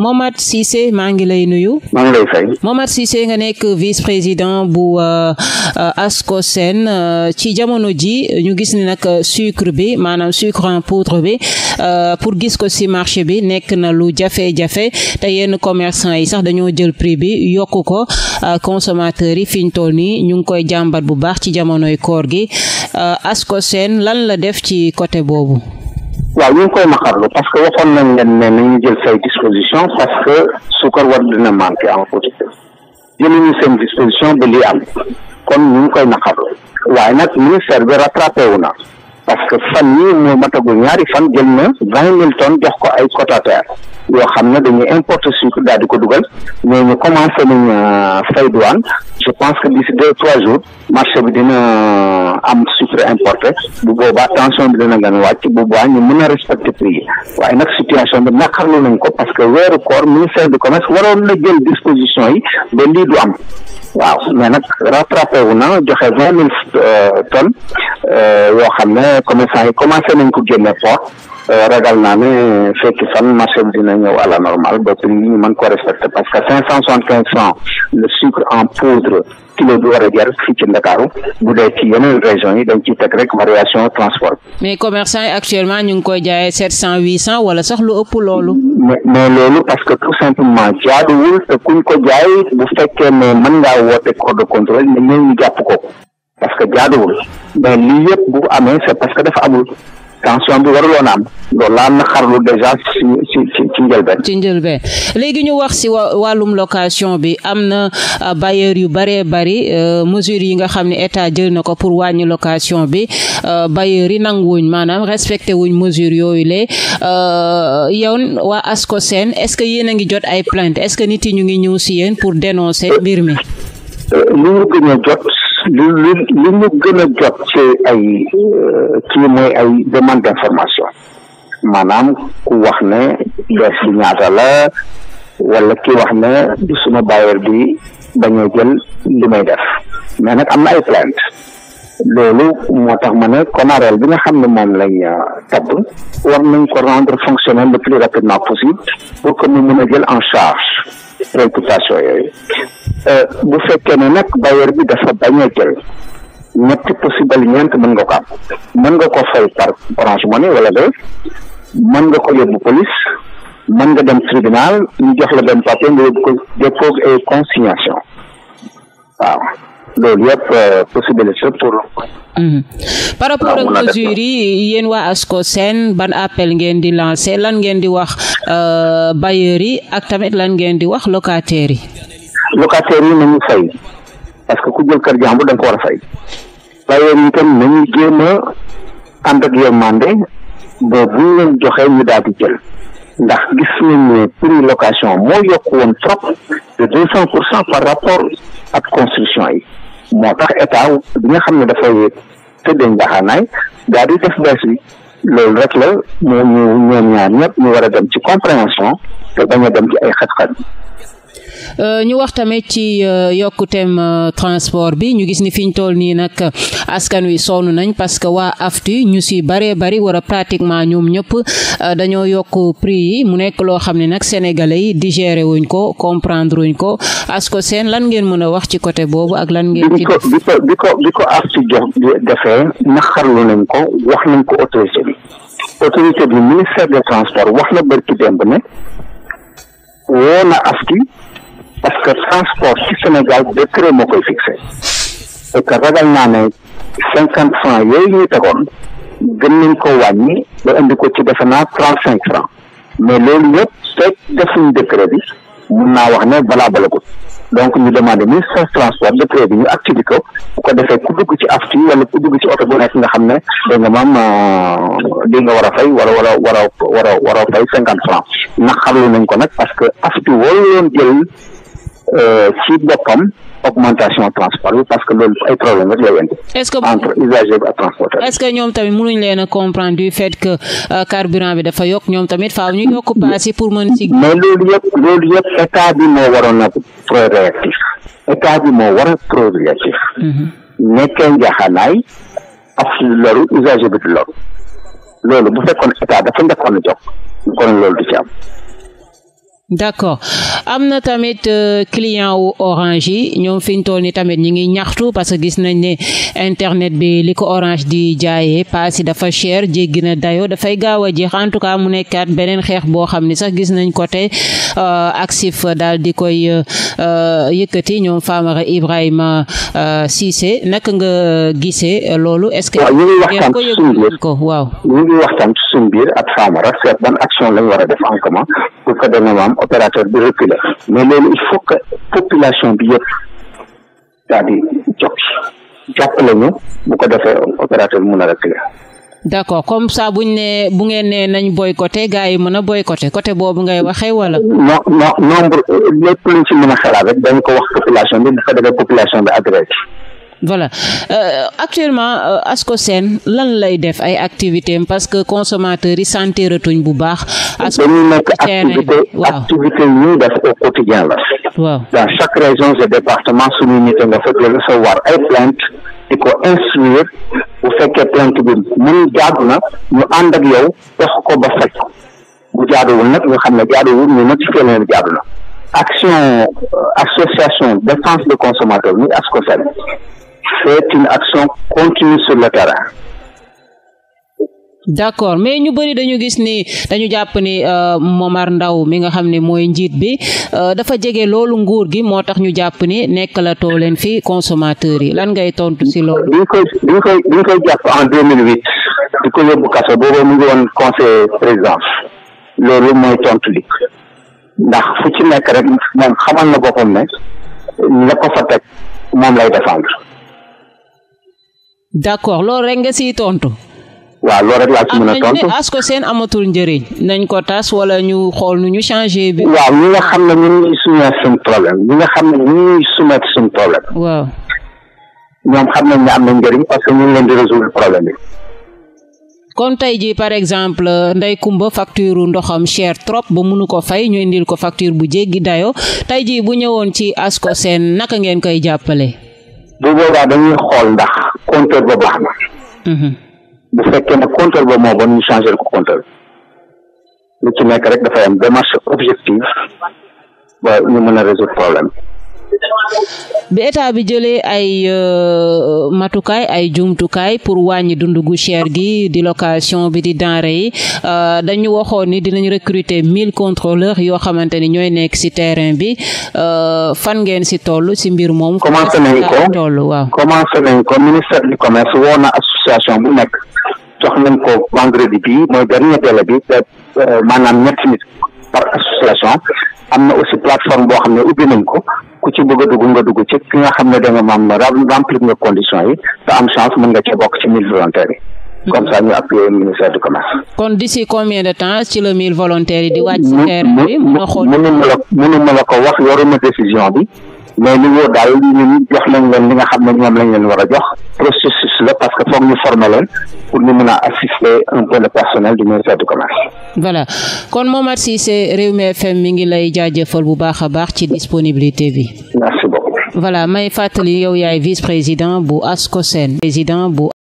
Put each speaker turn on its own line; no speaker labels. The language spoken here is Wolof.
Momath Cissé maa ngi lay nuyu. maa ngi lay fay. Momath Cissé nga nekk vice président bu euh, euh, Ascosen euh, ci jamono ji ñu gis ni nag sucre bi maanaam sucre en poudre bi pour gis ko ci marché bi nekk na lu jafe-jafe te yenn commerçant yi sax dañoo jël prix bi yokku ko consommateurs yi fi ñu toll nii ñu ngi koy jàmbat bu baax ci jamonoy koor gi Ascosen lan la def ci côté boobu.
waaw ñu ngi koy naqarlu parce que waxoon na leen ne nañu jël say disposition parce que sukar war dina manqué en côté jëluñu seen disposition ba lii am kon ñu koy naqarlu waaye nag ministère bi rattrapé wu na parce que fan yii mu matagul ñaari fan jël na vingt mille tonnes jox ko ay quotataire yoo xam ne dañuy importer sucre daal di ko dugal mais ñu commencé nañ euh, fay douane je pense que d'ici deux trois jours marché bi dina euh, am sucre importé bu boobaa tension bi dina gën a wàcc bu boobaa ñu mën a respecté prix yi waaye nag situation bi naqarlu nañ ko parce que weeru koor ministère du commerce waroon na jël disposition yi ba lii du am waaw mais nag rattrapé wu na joxe vingt mille euh, tonnes euh, yoo xam ne commerçant yi commencé nañ ko génne port ragal naa ne fekki fan marché bi dina ñëw à la normale ba ñu mën ko respecté parce que cinq cent soixante quinze francs le sucre en poudre kilo bi war a jar fii ci Ndakaaru bu dee ci yeneen régions yi dañ ciy teg rek variation transport
mais commerçant actuellement ñu koy jaayee sept cent huit cent wala sax lu ëpp loolu
mais loolu parce que tout simplement jaaduwul te kuñ ko jaay bu fekkee ne mën ngaa woote corps de contrôle ne ñëw mais parce que dafa amul tension bi waruloon am loolu laa na xarlu déjà ci njëlbeen. ci njëlbeen
léegi ñu wax si wàllum location bi am na euh, bailleur yu bëree bëri euh, mesures yi nga xam ne état jël na ko pour wàññi location bi euh, bailleur yi wuñ maanaam respecté wuñ mesures yooyu le yow waa ASCOSEN est-ce que yéen a ngi jot ay plainte est-ce que nit yi ñu ngi ñëw si yéen pour dénoncer mbir mi.
li ñu gën a jot lu lu lu ñu gën a jot ci ay kii euh, mooy ay demande d'information maanaam ku wax ne def bi ñaata la wala ki wax ne bi suma bailleur bi dañoo jël li may def mais nag am na ay plainte loolu moo tax ma ne CONAREL bi nga xam ne moom lañ euh, tabb war nañ ko rendre fonctionnel le plus rapidement possible pour que mu mën a jël en charge préoccupation yooyu euh, bu fekkee ne nag bailleur bi dafa bañ a jël ñetti possible ñeent mën nga ko am mën nga ko fay par Orange Money wala de mën nga ko yóbbu police mën nga dem tribunal ñu jox la benn papier nga yóbbu ko dépôt et consignation waaw loolu yëpp euh, possibilité yëpp pour. Mhm.
par rapport ak mesures yi yéen waa ASCOSEN ban appel ngeen di lancé lan ngeen di wax euh, bailleurs yi ak tamit lan ngeen di wax lokateer yi.
locataires yi nañu fay parce que ku jël kër jàmbur da nga ko war a fay. bailleurs yi itam nañu jéem a ànd ak yërmande ba bu ñu leen joxee ñu daal di jël. ndax gis nañ ne prix moo yokk woon trop de deux cent pour cent par rapport ak construction yi moo tax état bi nga xam ne dafay tëddee njaaxaanaay daal di def bees bi loolu rek la ñu ñu ñoom ñaar ñëpp ñu war a dem ci compréhension te bañ a dem ci ay xat-xat
Euh, ñu wax tamit ci euh, yokkuteem euh, transport bi ñu gis ni fi ñu toll nii nag askan wi sonn nañ parce que waa afti ñu si baree bari wala pratiquement ñoom ñëpp dañoo yokk prix yi mu nekk loo xam ne nag sénégalais yi digéré wuñ ko comprendre wuñ ko asko seen lan ngeen mën a wax ci côté boobu ak lan ngeen. ci def
bi ko bi ko bi ko AFTU defee naxarlu nañ ko wax nañ ko autorité bi autorité bi ministère des transports wax na bari ci démb ne. woo na AFTU parce que transport ci Sénégal décret moo koy fixé et que ragal naa ne cinquante francs yooyu ñu tegoon gën nañ ko wàññi ba indi ko ci defe naa trente cinq francs mais loolu yëpp fekk defuñ décret bi mun naa wax ne balaa balagut donc ñu demandé ministre transport décret bi ñu activé ko bu ko defee ku dugg ci afti wala ku dugg ci oto bu nekk nga xam ne dégg nga maam euh, di nga war a fay wala wala war a war a war a fay cinquante franc naqarlu nañ ko nag parce que afti woo leen jël euh, ci boppam augmentation transport bi parce que loolu ay problème rek lay indi. est-ce que entre usager bi ak transporteur
est-ce ñoom tamit mënuñ leen a comprendre du fait que euh, carburant bi dafa yokk ñoom tamit faaw ñu yokk paas yi pour mën si. mais
loolu yëpp loolu yëpp état bi moo waroon a proactif état bi moo war a proactif. Mhm. nekkee njaxanaay ak loru usager bi di loru loolu bu fekkoon état dafa njëkkoon a jóg kon loolu du ci am.
d'accord am na tamit euh, client wu orange yi ñoom fi ñu toll nii tamit ñu ngi ñaxtu parce que gis nañ ne internet bi li ko orange di jaayee paas yi dafa cher jéggi na dayo dafay gaaw a jeex en tout cas mu nekkaat beneen xeex boo xam ni sax gis nañ ko te côté euh, Axif daal di koy euh, yëkkati ñoom Famara Ibrahima Cissé naka nga gisee loolu est-ce
waaw ban action lañ war def en commun pour que dana am opérateur bi reculer mais loolu il faut que population bi yëpp daal di jog jàppale bu ko defee opérateur bi mun a reculer
d' accord comme ça buñ ne bu ngeen ne nañ boycotté gars yi mën a boycotté côté boobu ngay waxee wala. non
non nombre lépp luñ ci mën a xalaat rek dañ ko wax population bi dafa defee population bi adresse
voilà euh, actuellement euh, Ascosen lan lay def ay activité parce que consommateurs yi sentir tuñ bu baax.
dañuy nekk activité activité yu ñuy def au quotidien la. waaw dans chaque région et département suñu nit nga fekk recevoir ay plainte di ko instruire bu fekkee plainte bi mun jaadu na ñu ànd ak yow wax ko ba faj bu jaaduwul nag ñu xam ne jaaduwul ñu notifié leen jaadu na action euh, association défense des consommateurs muy Ascosen fait une action continue sur le terrain.
d'accord mais ñu bëri dañu gis ni dañu jàpp ni euh, Momar ndaw mi nga xam ne mooy njiit bi euh, dafa jege loolu nguur gi moo tax ñu jàpp ni nekk la too leen fi consommateur yi lan ngay tontu si loolu.
bi ñu koy bi ñu koy bi ñu di ko yóbbu kaso boobu mu ngi woon conseil présidence loolu mooy tontu li ndax fu ci nekk rek moom xamal na boppam ne la fa teg moom lay défendre.
d'accord loolu rek nga si tontu.
waaw loolu rek laa
ci mën a tontu am seen amatul njëriñ nañ ko tas wala ñu xool nu ñu changé bi. waaw ñi
nga xam ne ñun ñuy soumettre suñu problème ñi nga xam ne ñun ñuy soumettre suñu problème. waaw. ñoom xam nañ ne na njëriñ parce ñu leen di résoudre problème bi.
kon tey jii par exemple Ndeye Comba facture ndoxam cher trop ba mënu ko fay ñu indil ko facture bu jéggi dayo tey jii bu ñëwoon ci ASCOSEN naka ngeen koy jàppale.
bu compteur ba baax na mhm. bu fekkee ne compteur ba moo bon ñu changer ko compteur lu ci nekk rek dafay am démarche objective ba ñu mën a résoudre problème
bi état bi jëlee ay euh, matukaay ay jumtukaay pour wàññi dund gu cher gi di location bi di denrée yi euh, dañu waxoon ni dinañ recruter mille contrôleurs yoo xamante ni ñooy nekk ci terrain bi euh, fan ngeen ci toll ci mbir moom. commencé nañ ko toll waaw.
du commerce woo na association bu nekk jox nañ ko vendredi bi mooy dernier délai bi euh, maanaam ñetti nit par association. am na aussi plateforme boo xam ne ubbi nañ ko ku ci bëgg a dugg nga dugg ci ki nga xam ne da nga maam remplir nga condition yi te am chance mën nga cee bokk ci mille volontaires yi. comme ça ñu appuyer ministère du commerce.
kon d'ici combien de temps ci la mille volontaires yi di wàcc. ci terrain bi mën a xool
mënu ma la mënu ma la ko wax yoruma décision bi. mais li wóor daal ñun jox nañ leen li nga xam ne ñoom lañ leen war a jox processus la parce que foog ñu former leen pour ñu mën a assister un peu personnel du ministère du commerce.
voilà kon Momar Cissé Rewmi FM mi ngi lay jaajëfal bu baax a baax ci disponibilité bi. merci beaucoup. voilà may fàttali yow yaay vice président bu ASCOSEN président bu.